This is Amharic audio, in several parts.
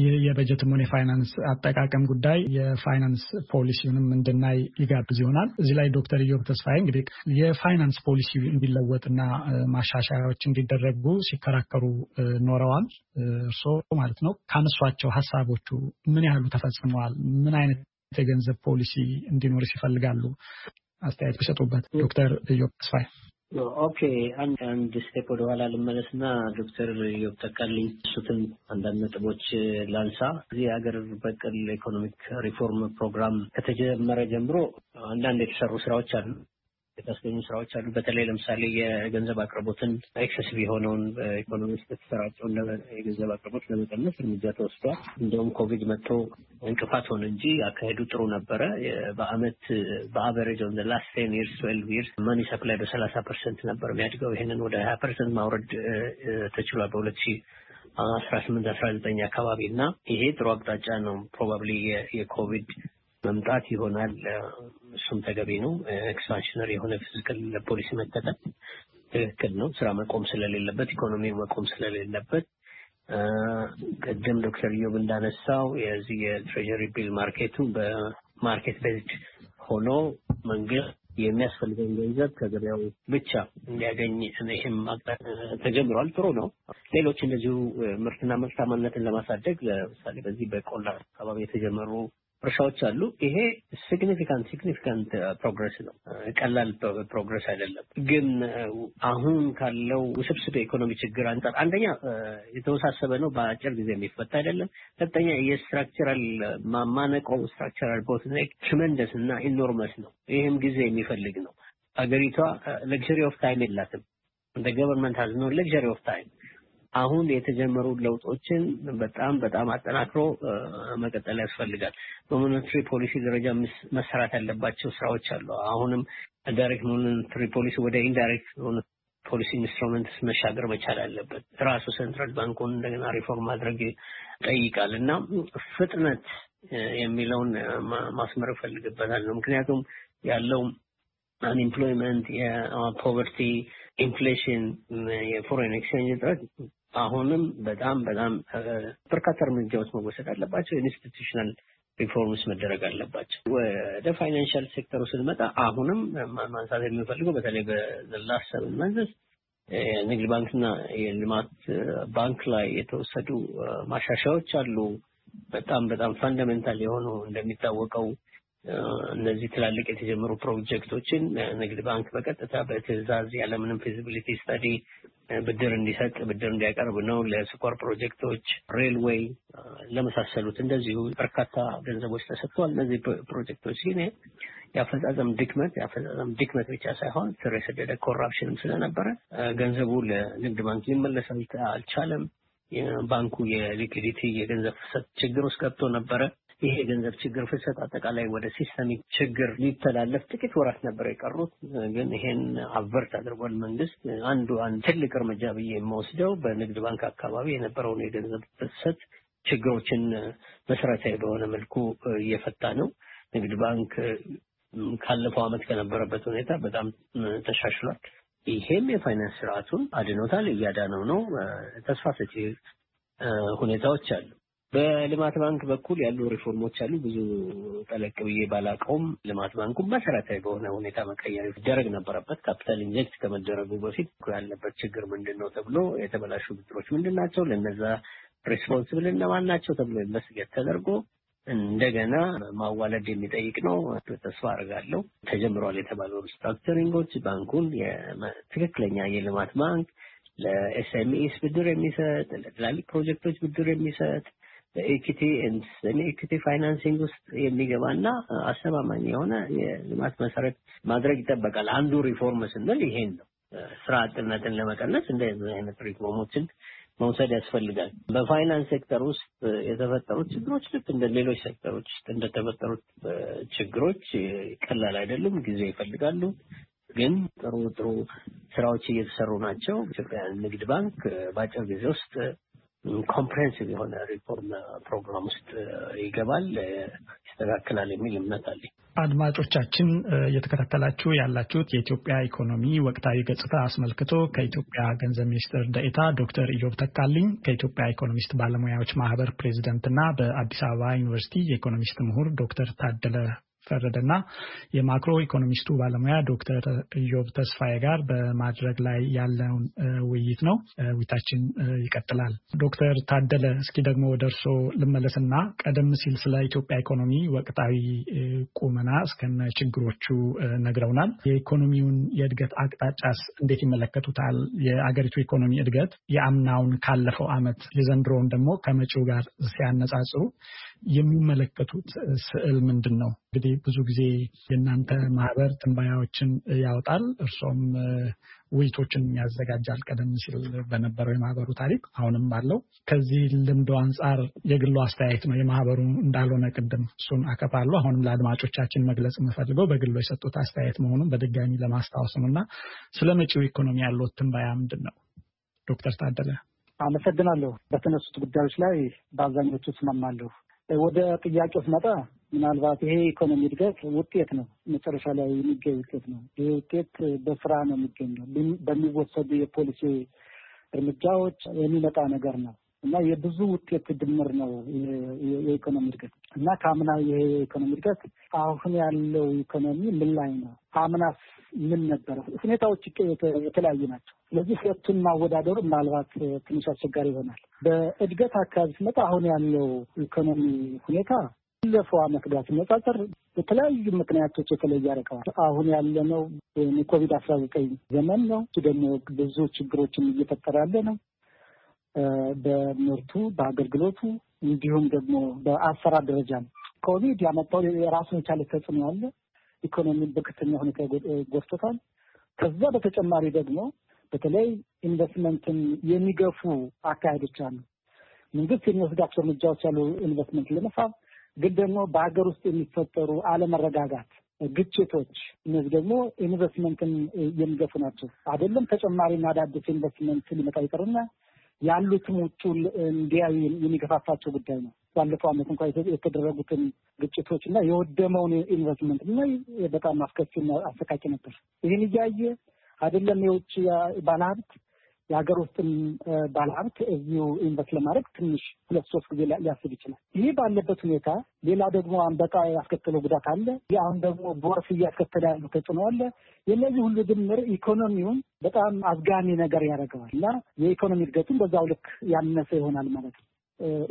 ይህ የበጀትም ሆነ የፋይናንስ አጠቃቀም ጉዳይ የፋይናንስ ፖሊሲውንም እንድናይ ይጋብዝ ይሆናል። እዚህ ላይ ዶክተር ኢዮብ ተስፋዬ እንግዲህ የፋይናንስ ፖሊሲ እንዲለወጥና ማሻሻያዎች እንዲደረጉ ሲከራከሩ ኖረዋል። እርስዎ ማለት ነው ካነሷቸው ሀሳቦቹ ምን ያህሉ ተፈጽመዋል? ምን አይነት የገንዘብ ፖሊሲ እንዲኖርስ ይፈልጋሉ? አስተያየት ቢሰጡበት ዶክተር ኢዮብ ተስፋዬ ኦኬ አንድ ስቴፕ ወደ ኋላ ልመለስ ልመለስና ዶክተር ዮብ ተካልኝ እሱትን አንዳንድ ነጥቦች ላንሳ። እዚህ የሀገር በቀል ኢኮኖሚክ ሪፎርም ፕሮግራም ከተጀመረ ጀምሮ አንዳንድ የተሰሩ ስራዎች አሉ። የሚያስገኙ ስራዎች አሉ። በተለይ ለምሳሌ የገንዘብ አቅርቦትን ኤክሰሲቭ የሆነውን በኢኮኖሚ ውስጥ የተሰራጨውን የገንዘብ አቅርቦት ለመቀነስ እርምጃ ተወስዷል። እንደውም ኮቪድ መጥቶ እንቅፋት ሆነ እንጂ አካሄዱ ጥሩ ነበረ። በአመት በአቨሬጅ ኦን ላስት ቴን ይርስ ትዌልቭ ይርስ መኒ ሰፕላይ በሰላሳ ፐርሰንት ነበር የሚያድገው። ይህንን ወደ ሀያ ፐርሰንት ማውረድ ተችሏል በሁለት ሺ አስራ ስምንት አስራ ዘጠኝ አካባቢ እና ይሄ ጥሩ አቅጣጫ ነው። ፕሮባብሊ የኮቪድ መምጣት ይሆናል እሱም ተገቢ ነው። ኤክስፓንሽነር የሆነ ፊዚካል ለፖሊሲ መጠቀም ትክክል ነው። ስራ መቆም ስለሌለበት፣ ኢኮኖሚ መቆም ስለሌለበት ቅድም ዶክተር ዮብ እንዳነሳው የዚህ የትሬጀሪ ቢል ማርኬቱ በማርኬት ቤዝድ ሆኖ መንግስት የሚያስፈልገውን ገንዘብ ከገበያው ብቻ እንዲያገኝ ይህም ተጀምሯል። ጥሩ ነው። ሌሎች እንደዚሁ ምርትና ምርታማነትን ለማሳደግ ለምሳሌ በዚህ በቆላ አካባቢ የተጀመሩ እርሻዎች አሉ። ይሄ ሲግኒፊካንት ሲግኒፊካንት ፕሮግረስ ነው። uh, ቀላል ፕሮግረስ አይደለም። ግን uh, አሁን ካለው ውስብስብ የኢኮኖሚ ችግር አንጻር አንደኛ uh, የተወሳሰበ ነው፣ በአጭር ጊዜ የሚፈታ አይደለም። ሁለተኛ የስትራክቸራል ማማነቀው ስትራክቸራል ቦትኔክ ትሪመንደስ እና ኢኖርመስ ነው። ይህም ጊዜ የሚፈልግ ነው። ሀገሪቷ ለግዠሪ ኦፍ ታይም የላትም። እንደ ገቨርንመንት ሀዝ ኖ ለግዠሪ ኦፍ ታይም አሁን የተጀመሩ ለውጦችን በጣም በጣም አጠናክሮ መቀጠል ያስፈልጋል። በሞኔትሪ ፖሊሲ ደረጃ መሰራት ያለባቸው ስራዎች አሉ። አሁንም ዳይሬክት ሞኔትሪ ፖሊሲ ወደ ኢንዳይሬክት ፖሊሲ ኢንስትሩመንትስ መሻገር መቻል አለበት። ራሱ ሴንትራል ባንኩን እንደገና ሪፎርም ማድረግ ጠይቃል እና ፍጥነት የሚለውን ማስመር ይፈልግበታል ነው ምክንያቱም ያለው አንኤምፕሎይመንት፣ የፖቨርቲ፣ ኢንፍሌሽን፣ የፎሬን ኤክስቼንጅ እጥረት አሁንም በጣም በጣም በርካታ እርምጃዎች መወሰድ አለባቸው። ኢንስቲቱሽናል ሪፎርምስ መደረግ አለባቸው። ወደ ፋይናንሻል ሴክተሩ ስንመጣ አሁንም ማንሳት የምንፈልገው በተለይ በዘላስ ሰብን መንዘስ ንግድ ባንክና የልማት ባንክ ላይ የተወሰዱ ማሻሻዎች አሉ። በጣም በጣም ፋንዳሜንታል የሆኑ እንደሚታወቀው እነዚህ ትላልቅ የተጀመሩ ፕሮጀክቶችን ንግድ ባንክ በቀጥታ በትዕዛዝ ያለምንም ፊዚቢሊቲ ስታዲ ብድር እንዲሰጥ ብድር እንዲያቀርብ ነው። ለስኳር ፕሮጀክቶች፣ ሬልዌይ ለመሳሰሉት እንደዚሁ በርካታ ገንዘቦች ተሰጥተዋል። እነዚህ ፕሮጀክቶች ግን የአፈጻጸም ድክመት የአፈጻጸም ድክመት ብቻ ሳይሆን ስር የሰደደ ኮራፕሽንም ስለነበረ ገንዘቡ ለንግድ ባንክ ሊመለስ አልቻለም። ባንኩ የሊኩዲቲ የገንዘብ ፍሰት ችግር ውስጥ ገብቶ ነበረ። ይሄ የገንዘብ ችግር ፍሰት አጠቃላይ ወደ ሲስተሚክ ችግር ሊተላለፍ ጥቂት ወራት ነበር የቀሩት። ግን ይሄን አቨርት አድርጓል መንግስት። አንዱ አንድ ትልቅ እርምጃ ብዬ የምወስደው በንግድ ባንክ አካባቢ የነበረውን የገንዘብ ፍሰት ችግሮችን መሰረታዊ በሆነ መልኩ እየፈታ ነው። ንግድ ባንክ ካለፈው ዓመት ከነበረበት ሁኔታ በጣም ተሻሽሏል። ይሄም የፋይናንስ ስርዓቱን አድኖታል፣ እያዳነው ነው። ተስፋ ሰጪ ሁኔታዎች አሉ። በልማት ባንክ በኩል ያሉ ሪፎርሞች አሉ። ብዙ ጠለቅ ብዬ ባላቀውም ልማት ባንኩ መሰረታዊ በሆነ ሁኔታ መቀየር ይደረግ ነበረበት። ካፒታል ኢንጀክት ከመደረጉ በፊት ያለበት ችግር ምንድን ነው ተብሎ የተበላሹ ብድሮች ምንድን ናቸው፣ ለነዛ ሬስፖንስብል እነማን ናቸው ተብሎ ኢንቨስቲጌት ተደርጎ እንደገና ማዋለድ የሚጠይቅ ነው። ተስፋ አድርጋለሁ ተጀምሯል የተባሉ ሪስትራክቸሪንጎች ባንኩን ትክክለኛ የልማት ባንክ ለኤስኤምኤስ ብድር የሚሰጥ ለትላልቅ ፕሮጀክቶች ብድር የሚሰጥ ኢኩቲ ኤንድ ኢኪቲ ፋይናንሲንግ ውስጥ የሚገባና አስተማማኝ የሆነ የልማት መሰረት ማድረግ ይጠበቃል። አንዱ ሪፎርም ስንል ይሄን ነው። ስራ አጥነትን ለመቀነስ እንደዚህ አይነት ሪፎርሞችን መውሰድ ያስፈልጋል። በፋይናንስ ሴክተር ውስጥ የተፈጠሩት ችግሮች ልክ እንደ ሌሎች ሴክተሮች ውስጥ እንደተፈጠሩት ችግሮች ቀላል አይደሉም፣ ጊዜ ይፈልጋሉ። ግን ጥሩ ጥሩ ስራዎች እየተሰሩ ናቸው። ኢትዮጵያ ንግድ ባንክ በአጭር ጊዜ ውስጥ ኮምፕሬንሲቭ የሆነ ሪፎርም ፕሮግራም ውስጥ uh, ይገባል፣ uh, ይስተካከላል የሚል እምነት አለኝ። አድማጮቻችን uh, እየተከታተላችሁ ያላችሁት የኢትዮጵያ ኢኮኖሚ ወቅታዊ ገጽታ አስመልክቶ ከኢትዮጵያ ገንዘብ ሚኒስትር ደኤታ ዶክተር ኢዮብ ተካልኝ ከኢትዮጵያ ኢኮኖሚስት ባለሙያዎች ማህበር ፕሬዚደንትና በአዲስ አበባ ዩኒቨርሲቲ የኢኮኖሚስት ምሁር ዶክተር ታደለ ፈረደና የማክሮ ኢኮኖሚስቱ ባለሙያ ዶክተር ኢዮብ ተስፋዬ ጋር በማድረግ ላይ ያለውን ውይይት ነው። ውይይታችን ይቀጥላል። ዶክተር ታደለ እስኪ ደግሞ ወደ እርስዎ ልመለስና ቀደም ሲል ስለ ኢትዮጵያ ኢኮኖሚ ወቅታዊ ቁመና እስከነ ችግሮቹ ነግረውናል። የኢኮኖሚውን የእድገት አቅጣጫስ እንዴት ይመለከቱታል? የአገሪቱ ኢኮኖሚ እድገት የአምናውን ካለፈው ዓመት የዘንድሮውን ደግሞ ከመጪው ጋር ሲያነጻጽሩ የሚመለከቱት ስዕል ምንድን ነው? እንግዲህ ብዙ ጊዜ የእናንተ ማህበር ትንባያዎችን ያወጣል፣ እርሶም ውይይቶችን ያዘጋጃል። ቀደም ሲል በነበረው የማህበሩ ታሪክ አሁንም አለው። ከዚህ ልምዶ አንጻር የግሎ አስተያየት ነው የማህበሩ እንዳልሆነ ቅድም እሱን አከፋለሁ። አሁንም ለአድማጮቻችን መግለጽ የምፈልገው በግሎ የሰጡት አስተያየት መሆኑን በድጋሚ ለማስታወስ ነው እና ስለ መጪው ኢኮኖሚ ያለት ትንባያ ምንድን ነው? ዶክተር ታደለ አመሰግናለሁ። በተነሱት ጉዳዮች ላይ በአብዛኞቹ እስማማለሁ። ወደ ጥያቄው ስመጣ ምናልባት ይሄ ኢኮኖሚ እድገት ውጤት ነው፣ መጨረሻ ላይ የሚገኝ ውጤት ነው። ይሄ ውጤት በስራ ነው የሚገኘው፣ በሚወሰዱ የፖሊሲ እርምጃዎች የሚመጣ ነገር ነው። እና የብዙ ውጤት ድምር ነው የኢኮኖሚ እድገት እና ከአምና ይሄ የኢኮኖሚ እድገት አሁን ያለው ኢኮኖሚ ምን ላይ ነው? አምናስ ምን ነበረ? ሁኔታዎች የተለያዩ ናቸው። ስለዚህ ሁለቱን ማወዳደሩ ምናልባት ትንሽ አስቸጋሪ ይሆናል። በእድገት አካባቢ ስመጣ አሁን ያለው ኢኮኖሚ ሁኔታ ባለፈው ዓመት ጋር ሲነጻጸር በተለያዩ ምክንያቶች የተለየ ያደርገዋል። አሁን ያለነው የኮቪድ አስራ ዘጠኝ ዘመን ነው። ደግሞ ብዙ ችግሮችን እየፈጠረ ያለ ነው። በምርቱ በአገልግሎቱ እንዲሁም ደግሞ በአሰራር ደረጃ ነው። ኮቪድ ያመጣው የራሱን የቻለ ተጽዕኖ ያለ ኢኮኖሚን በከፍተኛ ሁኔታ ጎድቶታል። ከዛ በተጨማሪ ደግሞ በተለይ ኢንቨስትመንትን የሚገፉ አካሄዶች አሉ። መንግስት የሚወስዳቸው እርምጃዎች ያሉ ኢንቨስትመንት ለመሳብ ግን ደግሞ በሀገር ውስጥ የሚፈጠሩ አለመረጋጋት፣ ግጭቶች እነዚህ ደግሞ ኢንቨስትመንትን የሚገፉ ናቸው። አይደለም ተጨማሪና አዳዲስ ኢንቨስትመንት ሊመጣ ይቀርና ያሉትም ውጩን እንዲያዩ የሚገፋፋቸው ጉዳይ ነው። ባለፈው ዓመት እንኳ የተደረጉትን ግጭቶች እና የወደመውን ኢንቨስትመንት እና በጣም አስከፊና አሰቃቂ ነበር። ይህን እያየ አይደለም የውጭ ባለሀብት የሀገር ውስጥም ባለሀብት እዚሁ ኢንቨስት ለማድረግ ትንሽ ሁለት ሶስት ጊዜ ሊያስብ ይችላል። ይህ ባለበት ሁኔታ ሌላ ደግሞ አንበጣ ያስከተለው ጉዳት አለ። አሁን ደግሞ ጎርፍ እያስከተለ ያሉ ተጽዕኖ አለ። የእነዚህ ሁሉ ድምር ኢኮኖሚውን በጣም አዝጋሚ ነገር ያደርገዋል እና የኢኮኖሚ እድገቱን በዛው ልክ ያነሰ ይሆናል ማለት ነው።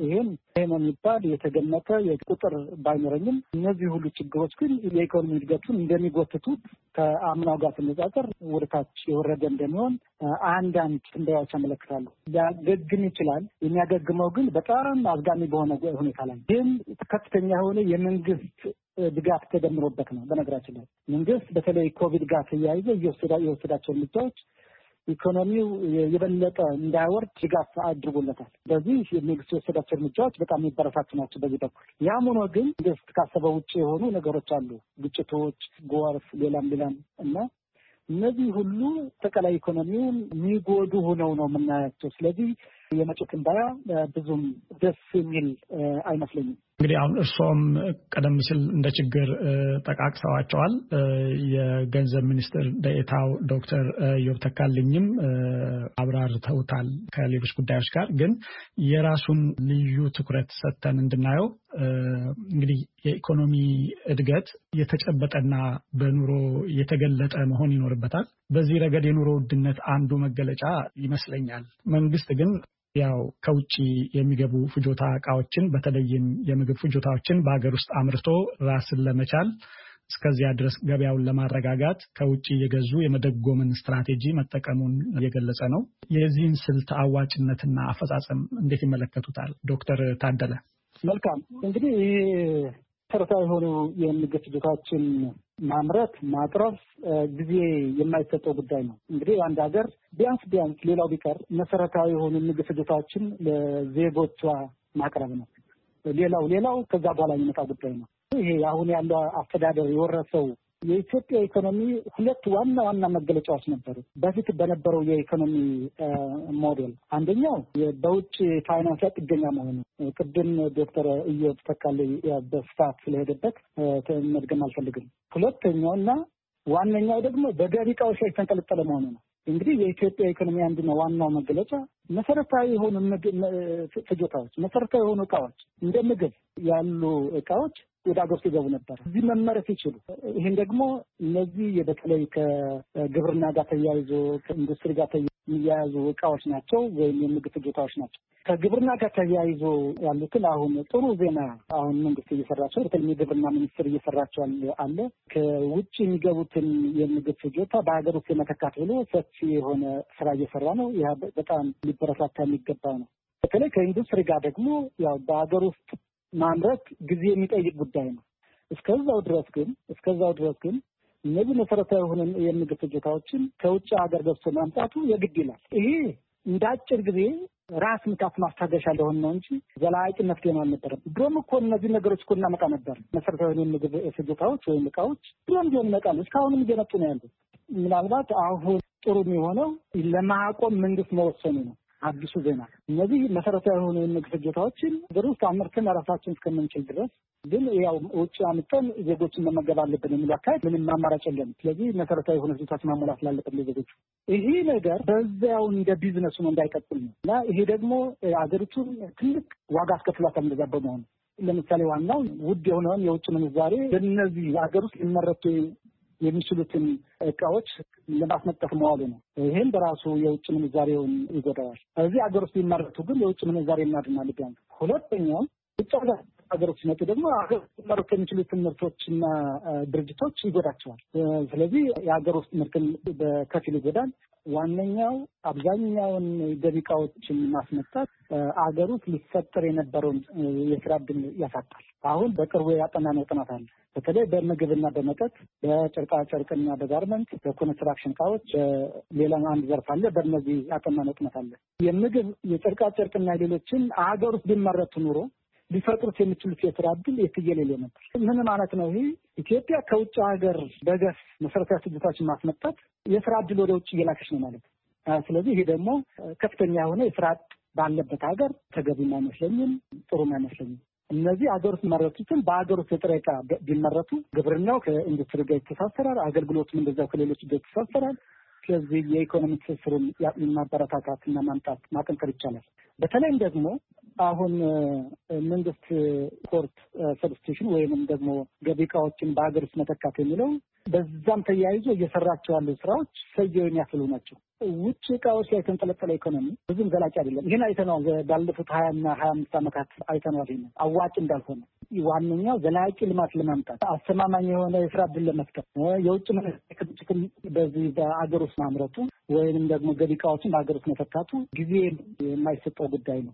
ይህም ይህ የሚባል የተገመተ ቁጥር ባይኖረኝም እነዚህ ሁሉ ችግሮች ግን የኢኮኖሚ እድገቱን እንደሚጎትቱት ከአምናው ጋር ሲነጻጸር ወደ የወረደ እንደሚሆን አንዳንድ ትንበያዎች ያመለክታሉ። ሊያገግም ይችላል። የሚያገግመው ግን በጣም አዝጋሚ በሆነ ሁኔታ ላይ ግን ከፍተኛ የሆነ የመንግስት ድጋፍ ተደምሮበት ነው። በነገራችን ላይ መንግስት በተለይ ኮቪድ ጋር ተያይዘ የወሰዳቸው እርምጃዎች ኢኮኖሚው የበለጠ እንዳይወርድ ድጋፍ አድርጎለታል። በዚህ መንግስት የወሰዳቸው እርምጃዎች በጣም የሚበረታቱ ናቸው። በዚህ በኩል ያም ሆኖ ግን መንግስት ካሰበ ውጭ የሆኑ ነገሮች አሉ። ግጭቶች፣ ጎርፍ፣ ሌላም ሌላም እና እነዚህ ሁሉ አጠቃላይ ኢኮኖሚውን የሚጎዱ ሆነው ነው የምናያቸው። ስለዚህ የመጪው ትንበያ ብዙም ደስ የሚል አይመስለኝም። እንግዲህ አሁን እርሶም ቀደም ሲል እንደ ችግር ጠቃቅሰዋቸዋል። የገንዘብ ሚኒስትር ደኤታው ዶክተር ዮብ ተካልኝም አብራርተውታል። ከሌሎች ጉዳዮች ጋር ግን የራሱን ልዩ ትኩረት ሰጥተን እንድናየው እንግዲህ የኢኮኖሚ እድገት የተጨበጠና በኑሮ የተገለጠ መሆን ይኖርበታል። በዚህ ረገድ የኑሮ ውድነት አንዱ መገለጫ ይመስለኛል። መንግስት ግን ያው ከውጭ የሚገቡ ፍጆታ እቃዎችን በተለይም የምግብ ፍጆታዎችን በሀገር ውስጥ አምርቶ ራስን ለመቻል እስከዚያ ድረስ ገበያውን ለማረጋጋት ከውጭ የገዙ የመደጎምን ስትራቴጂ መጠቀሙን እየገለጸ ነው። የዚህን ስልት አዋጭነትና አፈጻጸም እንዴት ይመለከቱታል ዶክተር ታደለ? መልካም እንግዲህ መሰረታዊ የሆኑ የምግብ ፍጆታዎችን ማምረት ማቅረብ ጊዜ የማይሰጠው ጉዳይ ነው። እንግዲህ አንድ ሀገር ቢያንስ ቢያንስ ሌላው ቢቀር መሰረታዊ የሆኑ ምግብ ፍጆታዎችን ለዜጎቿ ማቅረብ ነው። ሌላው ሌላው ከዛ በኋላ የሚመጣ ጉዳይ ነው። ይሄ አሁን ያለው አስተዳደር የወረሰው የኢትዮጵያ ኢኮኖሚ ሁለት ዋና ዋና መገለጫዎች ነበሩ በፊት በነበረው የኢኮኖሚ ሞዴል። አንደኛው በውጭ ፋይናንስ ላይ ጥገኛ መሆኑ፣ ቅድም ዶክተር እዮብ ተካልኝ በስፋት ስለሄደበት መድገም አልፈልግም። ሁለተኛው እና ዋነኛው ደግሞ በገቢ እቃዎች ላይ የተንጠለጠለ መሆኑ ነው። እንግዲህ የኢትዮጵያ ኢኮኖሚ አንዱና ዋናው መገለጫ መሰረታዊ የሆኑ ፍጆታዎች፣ መሰረታዊ የሆኑ እቃዎች እንደ ምግብ ያሉ እቃዎች ወደ ሀገር ውስጥ ይገቡ ነበር እዚህ መመረት ይችሉ። ይህን ደግሞ እነዚህ በተለይ ከግብርና ጋር ተያይዞ ከኢንዱስትሪ ጋር የሚያያዙ እቃዎች ናቸው ወይም የምግብ ፍጆታዎች ናቸው። ከግብርና ጋር ተያይዞ ያሉትን አሁን ጥሩ ዜና አሁን መንግስት እየሰራቸው በተለይ የግብርና ሚኒስትር እየሰራቸው አለ። ከውጭ የሚገቡትን የምግብ ፍጆታ በሀገር ውስጥ የመተካት ብሎ ሰፊ የሆነ ስራ እየሰራ ነው። ይህ በጣም ሊበረታታ የሚገባ ነው። በተለይ ከኢንዱስትሪ ጋር ደግሞ ያው በሀገር ውስጥ ማምረት ጊዜ የሚጠይቅ ጉዳይ ነው። እስከዛው ድረስ ግን እስከዛው ድረስ ግን እነዚህ መሰረታዊ የሆነ የምግብ ፍጆታዎችን ከውጭ ሀገር ገዝቶ ማምጣቱ የግድ ይላል። ይሄ እንደ አጭር ጊዜ ራስ ምታት ማስታገሻ ለሆን ነው እንጂ ዘላቂ መፍትሄ ነው አልነበረም። ድሮም እኮ እነዚህ ነገሮች እኮ እናመጣ ነበር። መሰረታዊ የምግብ ፍጆታዎች ወይም እቃዎች ድሮም ቢሆን ይመጣሉ። እስካሁንም እየመጡ ነው ያሉ። ምናልባት አሁን ጥሩ የሚሆነው ለማቆም መንግስት መወሰኑ ነው። አዲሱ ዜና። እነዚህ መሰረታዊ የሆኑ የምግብ ፍጆታዎችን ብር ውስጥ አምርተን ራሳችን እስከምንችል ድረስ ግን ያው ውጭ አምጠን ዜጎችን መመገብ አለብን የሚሉ አካሄድ ምንም አማራጭ የለም። ስለዚህ መሰረታዊ የሆነ ፍጆታዎች ማሟላት ስላለበት ለዜጎቹ ይሄ ነገር በዚያው እንደ ቢዝነሱ ነው እንዳይቀጥል ነው እና ይሄ ደግሞ አገሪቱን ትልቅ ዋጋ አስከፍሏታል እንደዛ በመሆኑ ለምሳሌ ዋናው ውድ የሆነውን የውጭ ምንዛሬ በእነዚህ ሀገር ውስጥ ሊመረቱ የሚችሉትን እቃዎች ለማስመጠፍ መዋሉ ነው። ይህም በራሱ የውጭ ምንዛሬውን ይጎዳዋል። እዚህ አገር ውስጥ የሚመረቱ ግን የውጭ ምንዛሬ እናድናል። ቢያንስ ሁለተኛው ውጭ ሀገሮች ሲመጡ ደግሞ ሀገር ውስጥ መሩት የሚችሉት ምርቶችና ድርጅቶች ይጎዳቸዋል። ስለዚህ የሀገር ውስጥ ምርትን በከፊል ይጎዳል። ዋነኛው አብዛኛውን ገቢ ማስመጣት አገር ውስጥ ሊፈጠር የነበረውን የስራ እድል ያሳጣል። አሁን በቅርቡ ያጠናነው ጥናት አለ። በተለይ በምግብና በመጠጥ፣ በጨርቃጨርቅና በጋርመንት፣ በኮንስትራክሽን እቃዎች፣ ሌላ አንድ ዘርፍ አለ። በእነዚህ ያጠናነው ጥናት አለ። የምግብ የጨርቃጨርቅና ሌሎችን አገር ውስጥ ቢመረቱ ኑሮ ሊፈጥሩት የሚችሉት የስራ እድል የትየሌሌ ነበር። ምን ማለት ነው? ይህ ኢትዮጵያ ከውጭ ሀገር በገፍ መሰረታዊ ስጅታችን ማስመጣት የስራ እድል ወደ ውጭ እየላከች ነው ማለት ነው። ስለዚህ ይሄ ደግሞ ከፍተኛ የሆነ የስራ ባለበት ሀገር ተገቢም አይመስለኝም፣ ጥሩም አይመስለኝም። እነዚህ አገር ውስጥ መረቱትን በሀገር ውስጥ የጥሬ ዕቃ ቢመረቱ ግብርናው ከኢንዱስትሪ ጋር ይተሳሰራል፣ አገልግሎቱም እንደዚያው ከሌሎች ጋር ይተሳሰራል። ስለዚህ የኢኮኖሚ ትስስሩን እና ማምጣት ማጠንከር ይቻላል። በተለይም ደግሞ አሁን መንግስት ኮርት ሰብስቴሽን ወይም ደግሞ ገቢ እቃዎችን በሀገር ውስጥ መተካት የሚለው በዛም ተያይዞ እየሰራቸው ያሉ ስራዎች ሰየው የሚያስሉ ናቸው። ውጭ እቃዎች ላይ የተንጠለጠለ ኢኮኖሚ ብዙም ዘላቂ አይደለም። ይህን አይተነዋል። ባለፉት ሀያና ሀያ አምስት ዓመታት አይተነዋል። ይህን አዋጭ እንዳልሆነ ዋነኛው ዘላቂ ልማት ለማምጣት አስተማማኝ የሆነ የስራ እድል ለመፍጠር የውጭ ምንጭትን በዚህ በአገር ውስጥ ማምረቱ ወይንም ደግሞ ገቢ እቃዎችን በሀገር ውስጥ መተካቱ ጊዜ የማይሰጠው ጉዳይ ነው።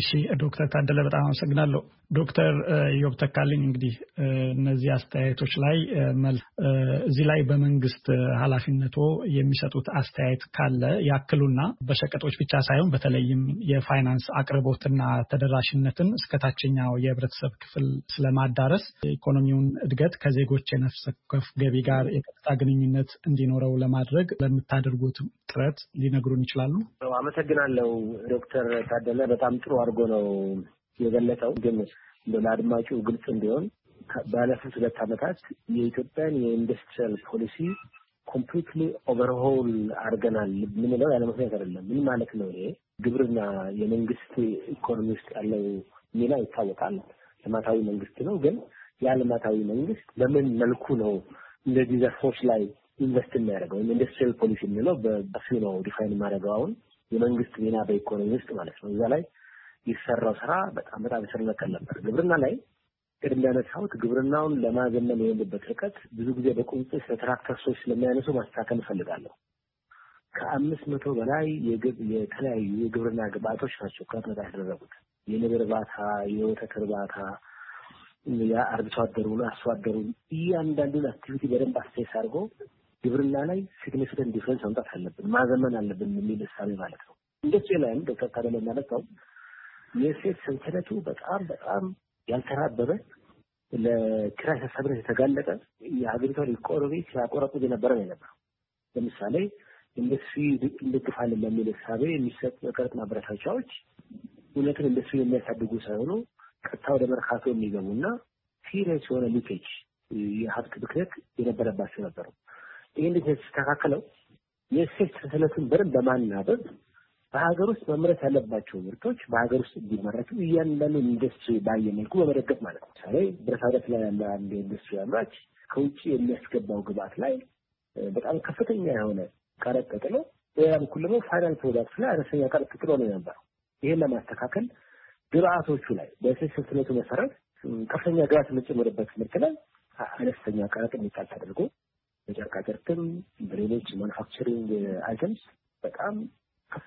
እሺ ዶክተር ታደለ በጣም አመሰግናለሁ። ዶክተር ዮብ ተካልኝ እንግዲህ እነዚህ አስተያየቶች ላይ እዚህ ላይ በመንግስት ኃላፊነቶ የሚሰጡት አስተያየት ካለ ያክሉና በሸቀጦች ብቻ ሳይሆን በተለይም የፋይናንስ አቅርቦትና ተደራሽነትን እስከ ታችኛው የህብረተሰብ ክፍል ስለማዳረስ የኢኮኖሚውን እድገት ከዜጎች የነፍስ ወከፍ ገቢ ጋር የቀጥታ ግንኙነት እንዲኖረው ለማድረግ ለምታደርጉት ጥረት ሊነግሩን ይችላሉ? አመሰግናለሁ ዶክተር ታደለ በጣም ጥሩ አድርጎ ነው የገለጸው። ግን ለአድማጩ ግልጽ እንዲሆን ባለፉት ሁለት ዓመታት የኢትዮጵያን የኢንዱስትሪያል ፖሊሲ ኮምፕሊትሊ ኦቨርሆል አድርገናል የምንለው ያለ ምክንያት አይደለም። ምን ማለት ነው? ይሄ ግብርና የመንግስት ኢኮኖሚ ውስጥ ያለው ሚና ይታወቃል። ልማታዊ መንግስት ነው። ግን ያ ልማታዊ መንግስት በምን መልኩ ነው እንደዚህ ዘርፎች ላይ ኢንቨስት የሚያደርገው? ኢንዱስትሪያል ፖሊሲ የምንለው በሱ ነው ዲፋይን የማደርገው አሁን የመንግስት ሚና በኢኮኖሚ ውስጥ ማለት ነው። እዛ ላይ ይሰራው ስራ በጣም በጣም የተሰነቀል ነበር። ግብርና ላይ ቅድም ያነሳሁት ግብርናውን ለማዘመን የሄድንበት ርቀት ብዙ ጊዜ በቁምጽ ስለትራክተር ሶች ስለሚያነሱ ማስተካከል እፈልጋለሁ። ከአምስት መቶ በላይ የተለያዩ የግብርና ግብአቶች ናቸው ከጥረት ያደረጉት የንብ እርባታ፣ የወተት እርባታ፣ የአርብቶ አደሩን አርሶ አደሩን እያንዳንዱን አክቲቪቲ በደንብ አስተያየት አድርጎ ግብርና ላይ ሲግኒፊካንት ዲፍረንስ መምጣት አለብን ማዘመን አለብን የሚል እሳቤ ማለት ነው። እንደ ላይም ዶክተር ካደለ እንዳነሳው የሴት ሰንሰለቱ በጣም በጣም ያልተናበበ ለኪራይ ሰብሳቢነት የተጋለጠ የሀገሪቷን ኢኮኖሚ ሲያቆረቁዝ የነበረ ነው የነበረው። ለምሳሌ ኢንዱስትሪ እንደግፋለን ለሚል እሳቤ የሚሰጥ የቀረጥ ማበረታቻዎች እውነትን ኢንዱስትሪ የሚያሳድጉ ሳይሆኑ ቀጥታ ወደ መርካቶ የሚገቡ እና ሲሪየስ የሆነ ሊኬጅ የሀብት ብክነት የነበረባቸው ነበሩ። ይህ እንዴት የተስተካከለው? የእሴት ሰንሰለቱን በደንብ በማናበብ በሀገር ውስጥ መምረት ያለባቸው ምርቶች በሀገር ውስጥ እንዲመረቱ እያንዳንዱ ኢንዱስትሪ ባየ መልኩ በመደገፍ ማለት ነው። ምሳሌ ብረታብረት ላይ ያለ አንድ ኢንዱስትሪ አምራች ከውጭ የሚያስገባው ግብአት ላይ በጣም ከፍተኛ የሆነ ቀረጥ ጥሎ፣ በሌላ በኩል ደግሞ ፋይናል ፕሮዳክት ላይ አነስተኛ ቀረጥ ጥሎ ነው የነበረው። ይህን ለማስተካከል ግብአቶቹ ላይ በስስልትነቱ መሰረት ከፍተኛ ግብአት የምንጨምርበት ምርት ላይ አነስተኛ ቀረጥ የሚጣል ተደርጎ በጨርቃጨርቅም በሌሎች ማኑፋክቸሪንግ አይተምስ በጣም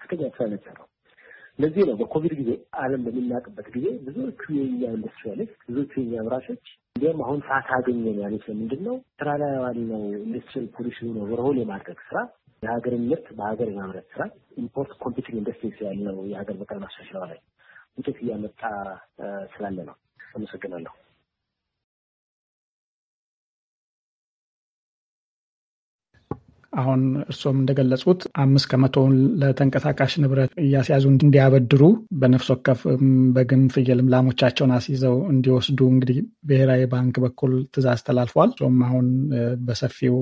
ከፍተኛ ተሳነቻ ነው። ለዚህ ነው በኮቪድ ጊዜ ዓለም በሚናቅበት ጊዜ ብዙዎቹ የኛ ኢንዱስትሪያሊስት ብዙዎቹ የኛ አምራቾች እንዲሁም አሁን ሰዓት አገኘን ያሉት ምንድን ነው ስራ ላይ ዋለው ኢንዱስትሪል ፖሊሲ ነው ኦቨርሆል የማድረግ ስራ የሀገርን ምርት በሀገር የማምረት ስራ ኢምፖርት ኮምፒቲንግ ኢንዱስትሪስ ያለው የሀገር በቀል ማሻሻያው ላይ ውጤት እያመጣ ስላለ ነው። አመሰግናለሁ። አሁን እርስዎም እንደገለጹት አምስት ከመቶውን ለተንቀሳቃሽ ንብረት እያስያዙ እንዲያበድሩ በነፍስ ወከፍ በግም ፍየልም ላሞቻቸውን አስይዘው እንዲወስዱ እንግዲህ ብሔራዊ ባንክ በኩል ትዛዝ ተላልፏል። እሱም አሁን በሰፊው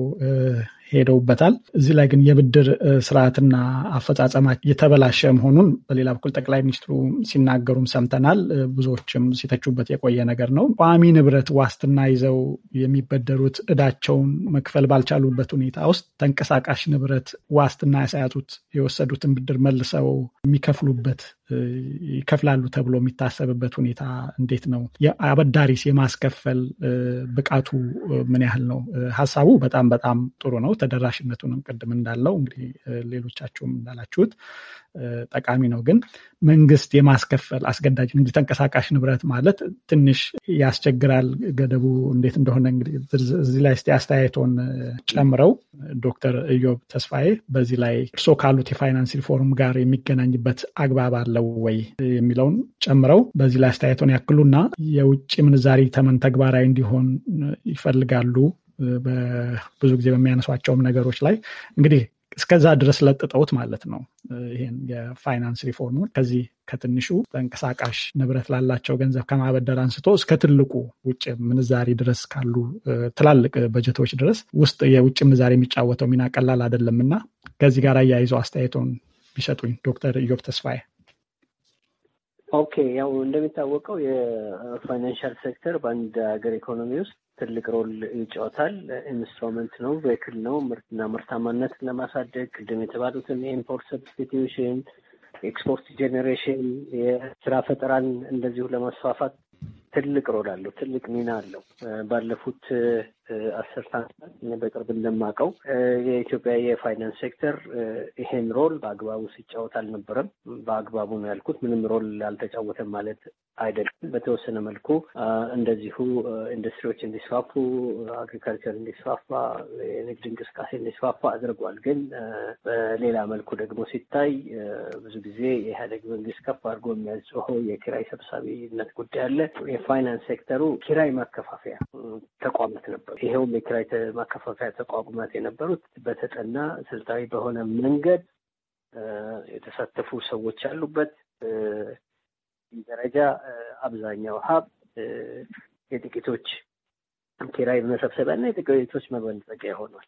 ሄደውበታል። እዚህ ላይ ግን የብድር ስርዓትና አፈጻጸማ የተበላሸ መሆኑን በሌላ በኩል ጠቅላይ ሚኒስትሩ ሲናገሩም ሰምተናል። ብዙዎችም ሲተቹበት የቆየ ነገር ነው። ቋሚ ንብረት ዋስትና ይዘው የሚበደሩት እዳቸውን መክፈል ባልቻሉበት ሁኔታ ውስጥ ተንቀሳቃሽ ንብረት ዋስትና ያሳያቱት የወሰዱትን ብድር መልሰው የሚከፍሉበት ይከፍላሉ ተብሎ የሚታሰብበት ሁኔታ እንዴት ነው? አበዳሪስ የማስከፈል ብቃቱ ምን ያህል ነው? ሀሳቡ በጣም በጣም ጥሩ ነው። ተደራሽነቱንም ቅድም እንዳለው እንግዲህ ሌሎቻችሁም እንዳላችሁት ጠቃሚ ነው። ግን መንግስት የማስከፈል አስገዳጅ እንግዲህ ተንቀሳቃሽ ንብረት ማለት ትንሽ ያስቸግራል። ገደቡ እንዴት እንደሆነ እንግዲህ እዚህ ላይ እስኪ አስተያየቶን ጨምረው ዶክተር እዮብ ተስፋዬ በዚህ ላይ እርስዎ ካሉት የፋይናንስ ሪፎርም ጋር የሚገናኝበት አግባብ አለው ወይ የሚለውን ጨምረው በዚህ ላይ አስተያየቶን ያክሉና የውጭ ምንዛሪ ተመን ተግባራዊ እንዲሆን ይፈልጋሉ። ብዙ ጊዜ በሚያነሷቸውም ነገሮች ላይ እንግዲህ እስከዛ ድረስ ለጥጠውት ማለት ነው። ይህን የፋይናንስ ሪፎርሙን ከዚህ ከትንሹ ተንቀሳቃሽ ንብረት ላላቸው ገንዘብ ከማበደር አንስቶ እስከ ትልቁ ውጭ ምንዛሪ ድረስ ካሉ ትላልቅ በጀቶች ድረስ ውስጥ የውጭ ምንዛሪ የሚጫወተው ሚና ቀላል አይደለም እና ከዚህ ጋር አያይዘው አስተያየቶን ቢሰጡኝ ዶክተር ኢዮብ ተስፋዬ። ኦኬ፣ ያው እንደሚታወቀው የፋይናንሻል ሴክተር በአንድ ሀገር ኢኮኖሚ ውስጥ ትልቅ ሮል ይጫወታል። ኢንስትሩመንት ነው፣ ቬክል ነው ምርትና ምርታማነትን ለማሳደግ ቅድም የተባሉትን የኢምፖርት ሰብስቲትዩሽን፣ ኤክስፖርት ጄኔሬሽን፣ የስራ ፈጠራን እንደዚሁ ለማስፋፋት ትልቅ ሮል አለው፣ ትልቅ ሚና አለው። ባለፉት አስርት ዓመታት በቅርብ እንደማውቀው የኢትዮጵያ የፋይናንስ ሴክተር ይሄን ሮል በአግባቡ ሲጫወት አልነበረም። በአግባቡ ነው ያልኩት ምንም ሮል አልተጫወተም ማለት አይደለም። በተወሰነ መልኩ እንደዚሁ ኢንዱስትሪዎች እንዲስፋፉ፣ አግሪካልቸር እንዲስፋፋ፣ የንግድ እንቅስቃሴ እንዲስፋፋ አድርጓል። ግን በሌላ መልኩ ደግሞ ሲታይ ብዙ ጊዜ የኢህአዴግ መንግስት ከፍ አድርጎ የሚያጽሆው የኪራይ ሰብሳቢነት ጉዳይ አለ። የፋይናንስ ሴክተሩ ኪራይ ማከፋፈያ ተቋማት ነበር። ይሄውም የኪራይ ማከፋፈያ ተቋቁማት የነበሩት በተጠና ስልታዊ በሆነ መንገድ የተሳተፉ ሰዎች ያሉበት ደረጃ አብዛኛው ሀብት የጥቂቶች ኪራይ መሰብሰቢያ እና የጥቂቶች መበንጠቂያ ሆኗል።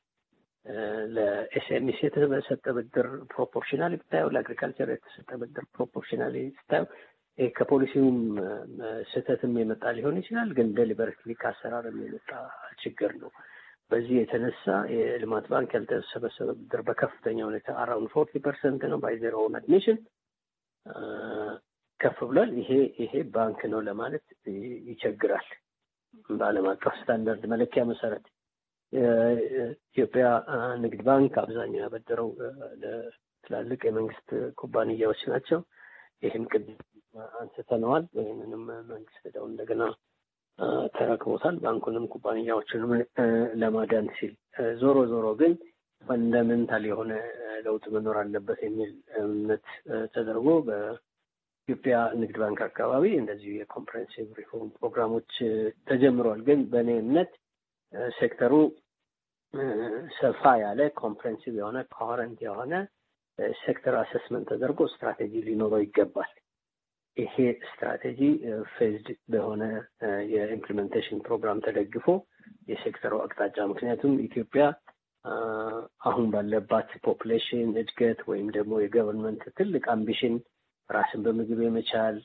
ለኤስኤምሲ የተሰጠ ብድር ፕሮፖርሽናል ስታየው፣ ለአግሪካልቸር የተሰጠ ብድር ፕሮፖርሽናል ስታየው ከፖሊሲውም ስህተትም የመጣ ሊሆን ይችላል፣ ግን ደሊበሬትሊ ከአሰራርም የመጣ ችግር ነው። በዚህ የተነሳ የልማት ባንክ ያልተሰበሰበ ብድር በከፍተኛ ሁኔታ አራውንድ ፎርቲ ፐርሰንት ነው ባይ ዜሮ ኦን አድሚሽን ከፍ ብሏል። ይሄ ይሄ ባንክ ነው ለማለት ይቸግራል። በዓለም አቀፍ ስታንዳርድ መለኪያ መሰረት የኢትዮጵያ ንግድ ባንክ አብዛኛው ያበደረው ለትላልቅ የመንግስት ኩባንያዎች ናቸው። ይህም ቅድም አንስተነዋል። ይህንንም መንግስት ሄደው እንደገና ተረክቦታል። ባንኩንም ኩባንያዎችንም ለማዳን ሲል ዞሮ ዞሮ ግን ፈንደመንታል የሆነ ለውጥ መኖር አለበት የሚል እምነት ተደርጎ በኢትዮጵያ ንግድ ባንክ አካባቢ እንደዚሁ የኮምፕሬንሲቭ ሪፎርም ፕሮግራሞች ተጀምረዋል። ግን በእኔ እምነት ሴክተሩ ሰፋ ያለ ኮምፕሬንሲቭ የሆነ ኮሄረንት የሆነ ሴክተር አሰስመንት ተደርጎ ስትራቴጂ ሊኖረው ይገባል። ይሄ ስትራቴጂ ፌዝድ በሆነ የኢምፕሊሜንቴሽን ፕሮግራም ተደግፎ የሴክተሩ አቅጣጫ ምክንያቱም ኢትዮጵያ አሁን ባለባት ፖፕሌሽን እድገት ወይም ደግሞ የገቨርንመንት ትልቅ አምቢሽን ራስን በምግብ የመቻል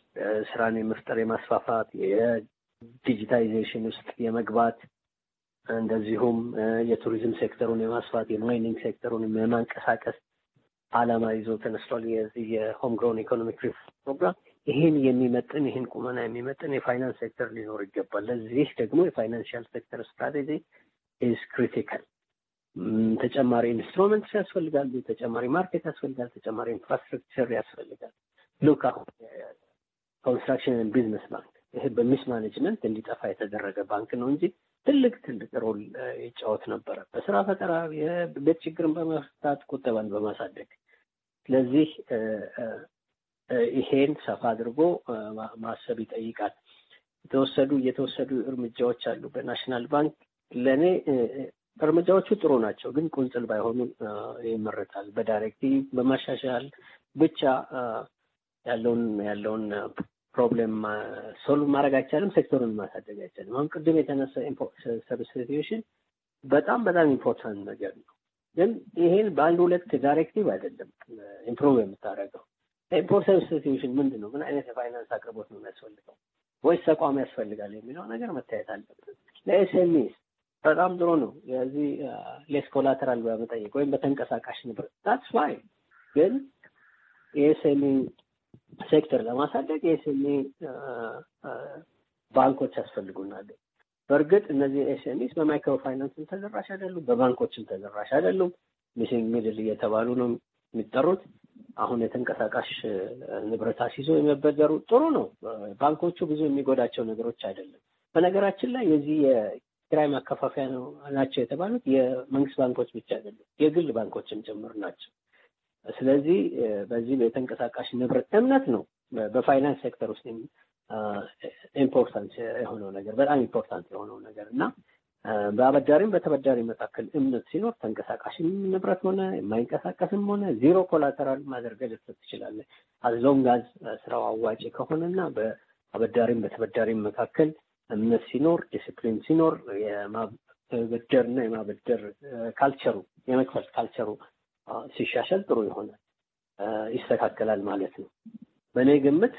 ስራን የመፍጠር የማስፋፋት፣ የዲጂታይዜሽን ውስጥ የመግባት እንደዚሁም የቱሪዝም ሴክተሩን የማስፋት የማይኒንግ ሴክተሩን የማንቀሳቀስ አላማ ይዞ ተነስቷል። የዚህ የሆም ግሮን ኢኮኖሚክ ሪፎርም ፕሮግራም ይህን የሚመጥን ይህን ቁመና የሚመጥን የፋይናንስ ሴክተር ሊኖር ይገባል። ለዚህ ደግሞ የፋይናንሽል ሴክተር ስትራቴጂ ኢዝ ክሪቲካል። ተጨማሪ ኢንስትሩመንትስ ያስፈልጋሉ፣ ተጨማሪ ማርኬት ያስፈልጋል፣ ተጨማሪ ኢንፍራስትራክቸር ያስፈልጋል። ሉክ አሁን ኮንስትራክሽን ቢዝነስ ባንክ ይሄ በሚስ ማኔጅመንት እንዲጠፋ የተደረገ ባንክ ነው እንጂ ትልቅ ትልቅ ሮል ይጫወት ነበረ በስራ ፈጠራ፣ የቤት ችግርን በመፍታት ቁጠባን በማሳደግ ስለዚህ ይሄን ሰፋ አድርጎ ማሰብ ይጠይቃል። የተወሰዱ የተወሰዱ እርምጃዎች አሉ በናሽናል ባንክ ለእኔ እርምጃዎቹ ጥሩ ናቸው፣ ግን ቁንጽል ባይሆኑ ይመረጣል። በዳይሬክቲቭ በማሻሻል ብቻ ያለውን ያለውን ፕሮብሌም ሶልቭ ማድረግ አይቻልም፣ ሴክተሩን ማሳደግ አይቻልም። አሁን ቅድም የተነሳ ሰብስቲትዩሽን በጣም በጣም ኢምፖርታንት ነገር ነው፣ ግን ይሄን በአንድ ሁለት ዳይሬክቲቭ አይደለም ኢምፕሩቭ የምታደርገው የፕሮሰስ ሶሉሽን ምንድን ነው? ምን አይነት የፋይናንስ አቅርቦት ነው የሚያስፈልገው ወይስ ተቋም ያስፈልጋል የሚለው ነገር መታየት አለበት። ለኤስኤምኤስ በጣም ጥሩ ነው የዚህ ሌስ ኮላተራል በመጠየቅ ወይም በተንቀሳቃሽ ንብረት ታትስ ግን የኤስኤምኤ ሴክተር ለማሳደግ የኤስኤምኤ ባንኮች ያስፈልጉናል። በእርግጥ እነዚህ ኤስኤምኤስ በማይክሮ ፋይናንስም ተደራሽ አይደሉም፣ በባንኮችም ተደራሽ አይደሉም። ሚሲንግ ሚድል እየተባሉ ነው የሚጠሩት። አሁን የተንቀሳቃሽ ንብረት አስይዞ የመበደሩ ጥሩ ነው። ባንኮቹ ብዙ የሚጎዳቸው ነገሮች አይደለም። በነገራችን ላይ የዚህ የኪራይ ማከፋፈያ ናቸው የተባሉት የመንግስት ባንኮች ብቻ አይደለም፣ የግል ባንኮችም ጭምር ናቸው። ስለዚህ በዚህ የተንቀሳቃሽ ንብረት እምነት ነው በፋይናንስ ሴክተር ውስጥ ኢምፖርታንት የሆነው ነገር በጣም ኢምፖርታንት የሆነው ነገር እና በአበዳሪም በተበዳሪ መካከል እምነት ሲኖር ተንቀሳቃሽ ንብረት ሆነ የማይንቀሳቀስም ሆነ ዜሮ ኮላተራል ማድረግ ልሰጥ ትችላለ። አዝሎንግ ጋዝ ስራው አዋጭ ከሆነና በአበዳሪም በተበዳሪም መካከል እምነት ሲኖር፣ ዲስፕሊን ሲኖር፣ የማበደርና የማበደር ካልቸሩ የመክፈል ካልቸሩ ሲሻሻል ጥሩ ይሆናል፣ ይስተካከላል ማለት ነው። በእኔ ግምት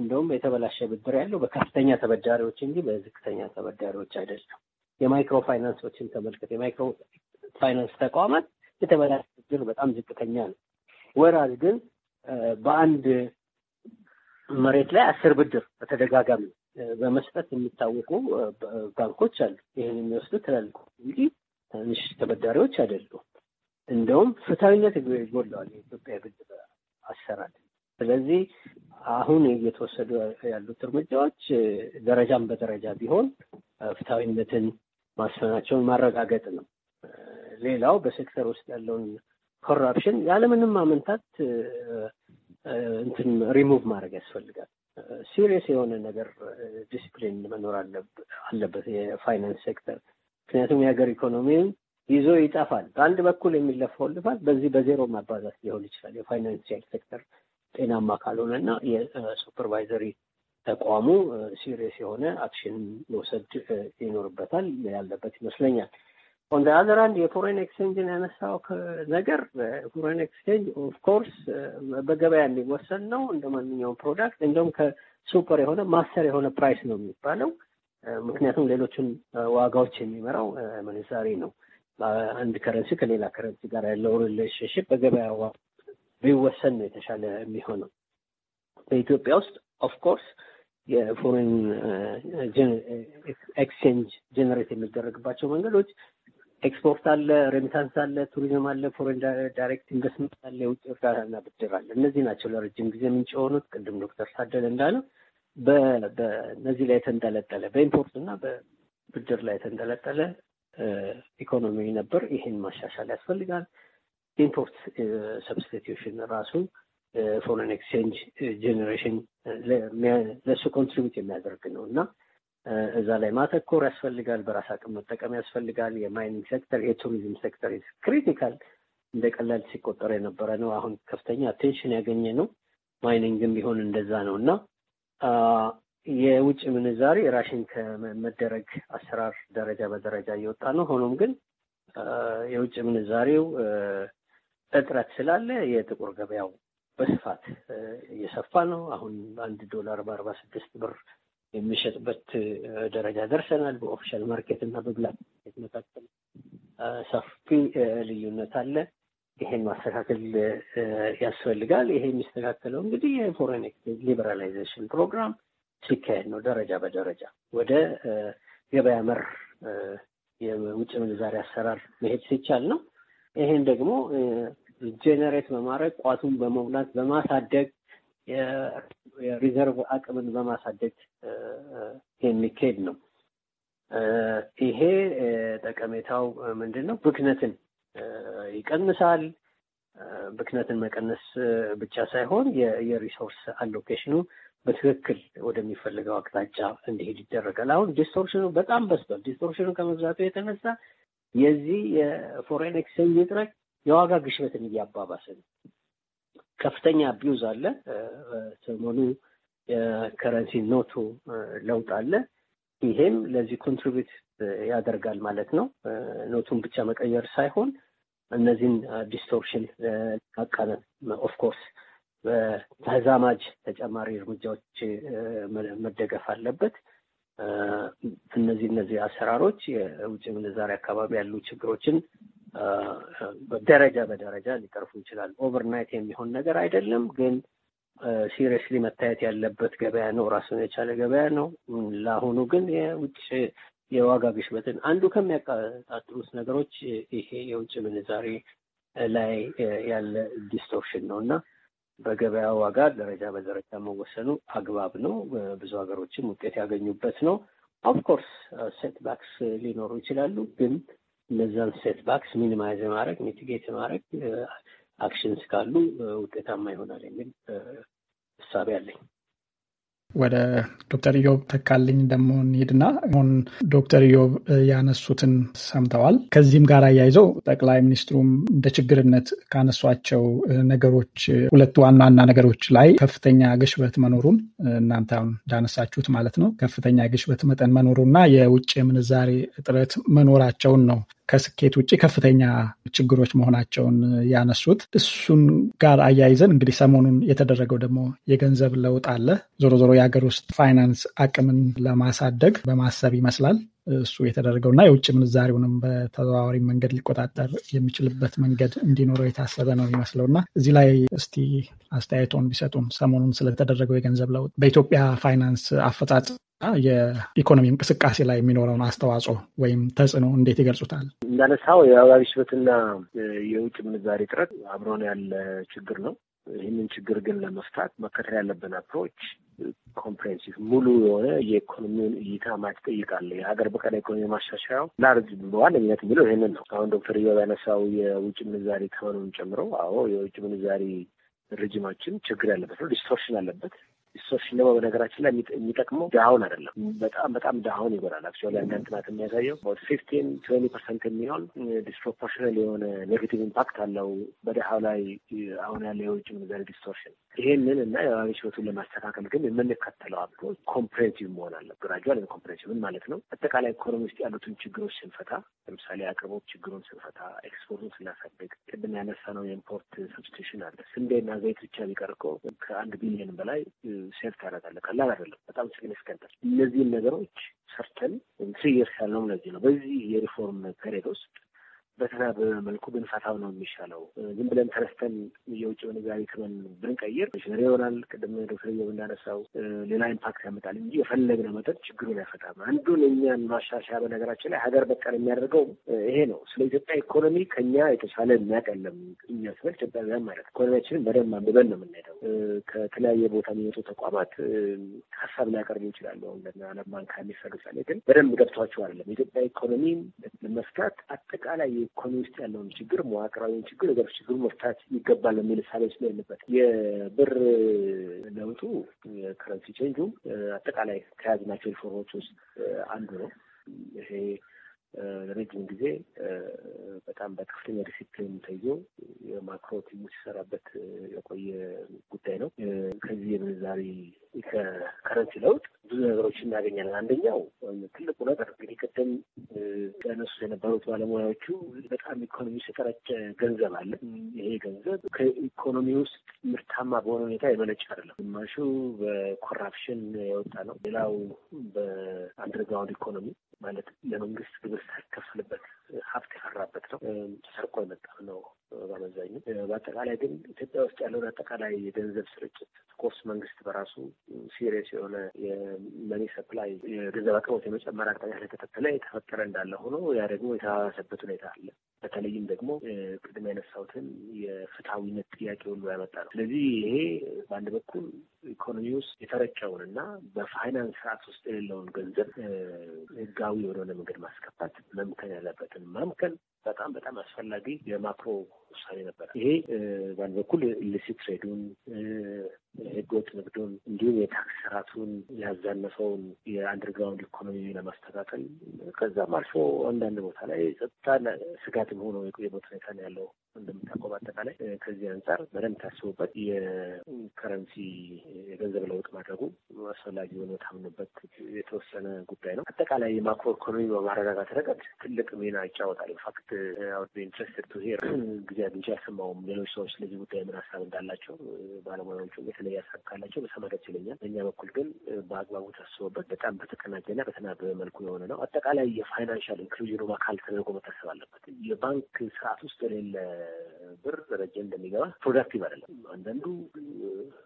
እንደውም የተበላሸ ብድር ያለው በከፍተኛ ተበዳሪዎች እንጂ በዝቅተኛ ተበዳሪዎች አይደለም። የማይክሮ ፋይናንሶችን ተመልከት። የማይክሮ ፋይናንስ ተቋማት የተበላሽ ችግር በጣም ዝቅተኛ ነው። ወራዝ ግን በአንድ መሬት ላይ አስር ብድር በተደጋጋሚ በመስጠት የሚታወቁ ባንኮች አሉ። ይህን የሚወስዱ ትላልቁ እንጂ ትንሽ ተበዳሪዎች አይደሉም። እንደውም ፍትሐዊነት ይጎድለዋል የኢትዮጵያ የብድር አሰራር። ስለዚህ አሁን እየተወሰዱ ያሉት እርምጃዎች ደረጃም በደረጃ ቢሆን ፍትሐዊነትን ማስፈናቸውን ማረጋገጥ ነው። ሌላው በሴክተር ውስጥ ያለውን ኮራፕሽን ያለምንም አመንታት እንትን ሪሙቭ ማድረግ ያስፈልጋል። ሲሪየስ የሆነ ነገር ዲስፕሊን መኖር አለበት የፋይናንስ ሴክተር። ምክንያቱም የሀገር ኢኮኖሚውን ይዞ ይጠፋል። በአንድ በኩል የሚለፋው ልፋት በዚህ በዜሮ ማባዛት ሊሆን ይችላል የፋይናንሽል ሴክተር ጤናማ ካልሆነ እና የሱፐርቫይዘሪ ተቋሙ ሲሪየስ የሆነ አክሽን መውሰድ ይኖርበታል ያለበት ይመስለኛል። ኦን አዘር አንድ የፎሬን ኤክስቼንጅን ያነሳው ነገር ፎሬን ኤክስቼንጅ ኦፍኮርስ በገበያ የሚወሰን ነው እንደ ማንኛውም ፕሮዳክት። እንደውም ከሱፐር የሆነ ማስተር የሆነ ፕራይስ ነው የሚባለው። ምክንያቱም ሌሎችን ዋጋዎች የሚመራው ምንዛሬ ነው። አንድ ከረንሲ ከሌላ ከረንሲ ጋር ያለው ሪሌሽንሽፕ በገበያ ቢወሰን ነው የተሻለ የሚሆነው። በኢትዮጵያ ውስጥ ኦፍኮርስ የፎሬን ኤክስቼንጅ ጀነሬት የሚደረግባቸው መንገዶች ኤክስፖርት አለ፣ ሬሚታንስ አለ፣ ቱሪዝም አለ፣ ፎሬን ዳይሬክት ኢንቨስትመንት አለ፣ የውጭ እርዳታና ብድር አለ። እነዚህ ናቸው ለረጅም ጊዜ ምንጭ የሆኑት። ቅድም ዶክተር ታደለ እንዳለው በእነዚህ ላይ የተንጠለጠለ በኢምፖርት እና በብድር ላይ የተንጠለጠለ ኢኮኖሚ ነበር። ይህን ማሻሻል ያስፈልጋል። ኢምፖርት ሰብስቲቲዩሽን ራሱ ፎሬን ኤክስቼንጅ ጄኔሬሽን ለእሱ ኮንትሪቢዩት የሚያደርግ ነው እና እዛ ላይ ማተኮር ያስፈልጋል። በራስ አቅም መጠቀም ያስፈልጋል። የማይኒንግ ሴክተር፣ የቱሪዝም ሴክተር ክሪቲካል እንደ ቀላል ሲቆጠር የነበረ ነው። አሁን ከፍተኛ አቴንሽን ያገኘ ነው። ማይኒንግም ቢሆን እንደዛ ነው እና የውጭ ምንዛሪ ራሽን ከመደረግ አሰራር ደረጃ በደረጃ እየወጣ ነው። ሆኖም ግን የውጭ ምንዛሪው እጥረት ስላለ የጥቁር ገበያው በስፋት እየሰፋ ነው። አሁን አንድ ዶላር በአርባ ስድስት ብር የሚሸጥበት ደረጃ ደርሰናል። በኦፊሻል ማርኬት እና በብላክ ማርኬት መካከል ሰፊ ልዩነት አለ። ይሄን ማስተካከል ያስፈልጋል። ይሄ የሚስተካከለው እንግዲህ የፎሬን ኤክስቼንጅ ሊበራላይዜሽን ፕሮግራም ሲካሄድ ነው። ደረጃ በደረጃ ወደ ገበያ መር የውጭ ምንዛሪ አሰራር መሄድ ሲቻል ነው። ይሄን ደግሞ ጄኔሬት በማድረግ ቋቱን በመሙላት በማሳደግ የሪዘርቭ አቅምን በማሳደግ የሚካሄድ ነው። ይሄ ጠቀሜታው ምንድን ነው? ብክነትን ይቀንሳል። ብክነትን መቀነስ ብቻ ሳይሆን የሪሶርስ አሎኬሽኑ በትክክል ወደሚፈልገው አቅጣጫ እንዲሄድ ይደረጋል። አሁን ዲስቶርሽኑ በጣም በዝቷል። ዲስቶርሽኑ ከመብዛቱ የተነሳ የዚህ የፎሬን ኤክስቼንጅ እጥረት የዋጋ ግሽበትን እያባባሰ ነው። ከፍተኛ አቢዩዝ አለ። ሰሞኑ የከረንሲ ኖቱ ለውጥ አለ። ይሄም ለዚህ ኮንትሪቢዩት ያደርጋል ማለት ነው። ኖቱን ብቻ መቀየር ሳይሆን እነዚህን ዲስቶርሽን ቃቃነ ኦፍኮርስ በተዛማጅ ተጨማሪ እርምጃዎች መደገፍ አለበት። እነዚህ እነዚህ አሰራሮች የውጭ ምንዛሪ አካባቢ ያሉ ችግሮችን ደረጃ በደረጃ ሊቀርፉ ይችላል። ኦቨርናይት የሚሆን ነገር አይደለም፣ ግን ሲሪየስሊ መታየት ያለበት ገበያ ነው። ራሱን የቻለ ገበያ ነው። ለአሁኑ ግን የውጭ የዋጋ ግሽበትን አንዱ ከሚያቀጣጥሉት ነገሮች ይሄ የውጭ ምንዛሬ ላይ ያለ ዲስቶርሽን ነው እና በገበያ ዋጋ ደረጃ በደረጃ መወሰኑ አግባብ ነው። ብዙ ሀገሮችም ውጤት ያገኙበት ነው። ኦፍኮርስ ሴትባክስ ሊኖሩ ይችላሉ ግን እነዛን ሴት ባክስ ሚኒማይዝ የማድረግ ሚቲጌት የማድረግ አክሽንስ ካሉ uh, ውጤታማ ይሆናል የሚል uh, እሳቤ አለኝ። ወደ ዶክተር ኢዮብ ተካልኝ ደግሞ እንሂድና አሁን ዶክተር ኢዮብ ያነሱትን ሰምተዋል። ከዚህም ጋር አያይዘው ጠቅላይ ሚኒስትሩም እንደ ችግርነት ካነሷቸው ነገሮች ሁለት ዋና ዋና ነገሮች ላይ ከፍተኛ ግሽበት መኖሩን እናንተ እንዳነሳችሁት ማለት ነው ከፍተኛ ግሽበት መጠን መኖሩና የውጭ ምንዛሬ እጥረት መኖራቸውን ነው ከስኬት ውጭ ከፍተኛ ችግሮች መሆናቸውን ያነሱት። እሱን ጋር አያይዘን እንግዲህ ሰሞኑን የተደረገው ደግሞ የገንዘብ ለውጥ አለ ዞሮ ዞሮ የሀገር ውስጥ ፋይናንስ አቅምን ለማሳደግ በማሰብ ይመስላል እሱ የተደረገው እና የውጭ ምንዛሬውንም በተዘዋዋሪ መንገድ ሊቆጣጠር የሚችልበት መንገድ እንዲኖረው የታሰበ ነው የሚመስለው እና እዚህ ላይ እስቲ አስተያየቶን ቢሰጡን። ሰሞኑን ስለተደረገው የገንዘብ ለውጥ በኢትዮጵያ ፋይናንስ አፈጻጽ የኢኮኖሚ እንቅስቃሴ ላይ የሚኖረውን አስተዋጽኦ ወይም ተጽዕኖ እንዴት ይገልጹታል? እንዳነሳው የዋጋ ግሽበትና የውጭ ምንዛሬ እጥረት አብሮን ያለ ችግር ነው። ይህንን ችግር ግን ለመፍታት መከተል ያለብን አፕሮች ኮምፕሬንሲቭ ሙሉ የሆነ የኢኮኖሚውን እይታ ማየት ይጠይቃል። የሀገር በቀል ኢኮኖሚ ማሻሻያው ላርጅ በዋነኝነት የሚለው ይህንን ነው። አሁን ዶክተር ዮ ያነሳው የውጭ ምንዛሪ ተመኑን ጨምሮ፣ አዎ የውጭ ምንዛሪ ርጅማችን ችግር ያለበት ነው፣ ዲስቶርሽን አለበት። ዲስቶርሽን ደግሞ በነገራችን ላይ የሚጠቅመው ድሃውን አይደለም፣ በጣም በጣም ድሃውን ይጎዳል። አክቹዋሊ አንዳንድ ጥናት የሚያሳየው ፊፍቲን ትዌንቲ ፐርሰንት የሚሆን ዲስፕሮፖርሽናል የሆነ ኔጌቲቭ ኢምፓክት አለው በድሃው ላይ አሁን ያለ የውጭ ምንዛሪ ዲስቶርሽን። ይሄንን እና የባቢ ግሽበቱን ለማስተካከል ግን የምንከተለው አፕሮች ኮምፕሬንሲቭ መሆን አለ። ግራጁዋል ኮምፕሬንሲቭ ማለት ነው አጠቃላይ ኢኮኖሚ ውስጥ ያሉትን ችግሮች ስንፈታ፣ ለምሳሌ አቅርቦት ችግሩን ስንፈታ፣ ኤክስፖርቱን ስናሳድግ፣ ቅድም ያነሳ ነው የኢምፖርት ሰብስቲቱሽን አለ። ስንዴና ዘይት ብቻ ቢቀርቆ ከአንድ ቢሊዮን በላይ ሴቭ ታረጋለ ቀላል አይደለም፣ በጣም ሲግኒፊካንት። እነዚህን ነገሮች ሰርተን ትሪ ይርስ ለዚህ ነው። በዚህ የሪፎርም ፔሪድ ውስጥ በተዛብ መልኩ ብንፈታው ነው የሚሻለው። ዝም ብለን ተነስተን የውጭ ምንዛሪ ተመን ብንቀይር ሽነሪ ይሆናል። ቅድም ዶክተር ዮብ እንዳነሳው ሌላ ኢምፓክት ያመጣል እንጂ የፈለግነው መጠን ችግሩን አይፈታም። አንዱን እኛን ማሻሻያ በነገራችን ላይ ሀገር በቀል የሚያደርገው ይሄ ነው። ስለ ኢትዮጵያ ኢኮኖሚ ከኛ የተሻለ የሚያቀለም እኛ ስለ ኢትዮጵያውያን ማለት ኢኮኖሚያችንን በደንብ አንብበን ነው የምንሄደው። ከተለያየ ቦታ የሚመጡ ተቋማት ሀሳብ ሊያቀርቡ ይችላሉ። አሁን ዓለም ባንክ የሚሰሩ ሳሌ ግን በደንብ ገብቷቸው አይደለም። የኢትዮጵያ ኢኮኖሚ ለመፍታት አጠቃላይ ኢኮኖሚ ውስጥ ያለውን ችግር መዋቅራዊን ችግር የገርፍ ችግሩ መፍታት ይገባል የሚል ሳቤ ስለ ያለበት የብር ለውጡ የከረንሲ ቼንጁ አጠቃላይ ከያዝናቸው ሪፎርሞች ውስጥ አንዱ ነው። ይሄ ለረጅም ጊዜ በጣም በከፍተኛ ዲሲፕሊን ተይዞ የማክሮ ቲሙ ሲሰራበት የቆየ ጉዳይ ነው። ከዚህ የምንዛሪ ከረንሲ ለውጥ ብዙ ነገሮች እናገኛለን። አንደኛው ትልቁ ነገር እንግዲህ ቅድም ያነሱ የነበሩት ባለሙያዎቹ በጣም ኢኮኖሚ ውስጥ የቀረጨ ገንዘብ አለ። ይሄ ገንዘብ ከኢኮኖሚ ውስጥ ምርታማ በሆነ ሁኔታ የመነጭ አይደለም። ግማሹ በኮራፕሽን የወጣ ነው። ሌላው በአንደርግራውንድ ኢኮኖሚ ማለት ለመንግስት ግብር ሳይከፍልበት ሀብት የፈራበት ነው፣ ተሰርቆ የመጣ ነው በአመዛኙ። በአጠቃላይ ግን ኢትዮጵያ ውስጥ ያለውን አጠቃላይ የገንዘብ ስርጭት ኮርስ መንግስት በራሱ ሲሪየስ የሆነ የመኒ ሰፕላይ የገንዘብ አቅርቦት የመጨመር አቅጣጫ ስለተከተለ የተፈጠረ እንዳለ ሆኖ ያ ደግሞ የተባባሰበት ሁኔታ አለ። በተለይም ደግሞ ቅድም ያነሳሁትን የፍትሐዊነት ጥያቄ ሁሉ ያመጣ ነው። ስለዚህ ይሄ በአንድ በኩል ኢኮኖሚ ውስጥ የተረጨውን እና በፋይናንስ ስርዓት ውስጥ የሌለውን ገንዘብ ህጋዊ ወደሆነ መንገድ ማስገባት መምከን ያለበትን መምከን በጣም በጣም አስፈላጊ የማክሮ ውሳኔ ነበረ። ይሄ በአንድ በኩል ኢሊሲት ትሬዱን፣ ህገወጥ ንግዱን እንዲሁም የታክስ ስርዓቱን ያዛነፈውን የአንደርግራውንድ ኢኮኖሚ ለማስተካከል ከዛም አልፎ አንዳንድ ቦታ ላይ ጸጥታ ስጋት ሆኖ የቆየበት ሁኔታ ነው ያለው። እንደምታውቀው በአጠቃላይ ከዚህ አንጻር በደንብ ታስቡበት የከረንሲ የገንዘብ ለውጥ ማድረጉ አስፈላጊ ሆኖ ታምኖበት የተወሰነ ጉዳይ ነው። አጠቃላይ የማክሮ ኢኮኖሚ በማረጋጋት ረገድ ትልቅ ሚና ይጫወታል። ፋክት ኢንትረስትድ ቱ ሄር ጊዜ አግኝቼ አልሰማሁም። ሌሎች ሰዎች ስለዚህ ጉዳይ ምን ሀሳብ እንዳላቸው ባለሙያዎቹ የተለየ ሀሳብ ካላቸው በሰማ ደስ ይለኛል። በእኛ በኩል ግን በአግባቡ ታስቦበት በጣም በተቀናጀና በተናበበ መልኩ የሆነ ነው። አጠቃላይ የፋይናንሻል ኢንክሉዥኑ አካል ተደርጎ መታሰብ አለበት። የባንክ ስርዓት ውስጥ የሌለ ብር ረጀ እንደሚገባ ፕሮዳክቲቭ አይደለም። አንዳንዱ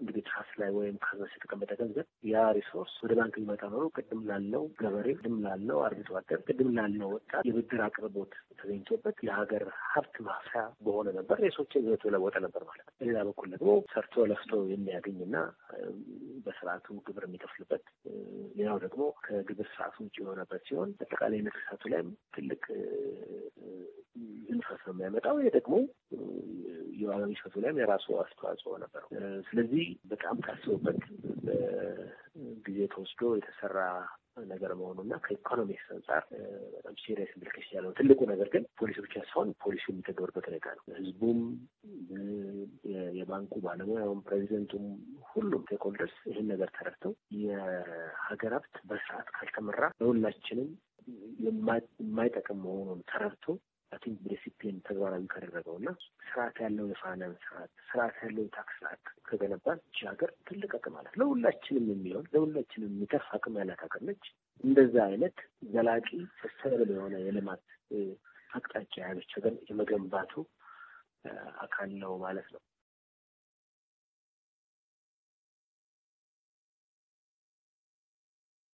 እንግዲህ ትራስ ላይ ወይም ካዘስ የተቀመጠ ገንዘብ ያ ሪሶርስ ወደ ባንክ ሊመጣ ኖሮ ቅድም ላለው ገበሬ፣ ቅድም ላለው አርብቶ አደር፣ ቅድም ላለው ወጣት የብድር አቅርቦት ተገኝቶ ተሰርቶበት የሀገር ሀብት ማፍሪያ በሆነ ነበር። ሬሶችን ህይወት ለወጠ ነበር ማለት ነው። በሌላ በኩል ደግሞ ሰርቶ ለፍቶ የሚያገኝና በስርዓቱ ግብር የሚከፍልበት ሌላው ደግሞ ከግብር ስርዓቱ ውጭ የሆነበት ሲሆን አጠቃላይ ንግድ ላይም ትልቅ ንፈስ ነው የሚያመጣው። ይህ ደግሞ የዋጋ ግሽበቱ ላይም የራሱ አስተዋጽኦ ነበረው። ስለዚህ በጣም ታስቦበት ጊዜ ተወስዶ የተሰራ ነገር መሆኑ እና ከኢኮኖሚክስ አንጻር በጣም ሲሪየስ ኢምፕሊኬሽን ያለው ትልቁ ነገር ግን ፖሊሲ ብቻ ሳይሆን ፖሊሲው የሚተገበርበት ሁኔታ ነው። ህዝቡም፣ የባንኩ ባለሙያውም፣ ፕሬዚደንቱም ሁሉም ስቴክሆልደርስ ይህን ነገር ተረድተው የሀገር ሀብት በስርዓት ካልተመራ ለሁላችንም የማይጠቅም መሆኑን ተረድቶ አይ ቲንክ ዲሲፕሊን ተግባራዊ ካደረገው እና ስርዓት ያለው የፋይናንስ ስርዓት ስርዓት ያለው የታክስ ከገነባት ይቺ ሀገር ትልቅ አቅም አላት። ለሁላችንም የሚሆን ለሁላችንም የሚተርፍ አቅም ያላት ሀገር ነች። እንደዛ አይነት ዘላቂ ሰስተናብል የሆነ የልማት አቅጣጫ ያለች ሀገር የመገንባቱ አካል ነው ማለት ነው።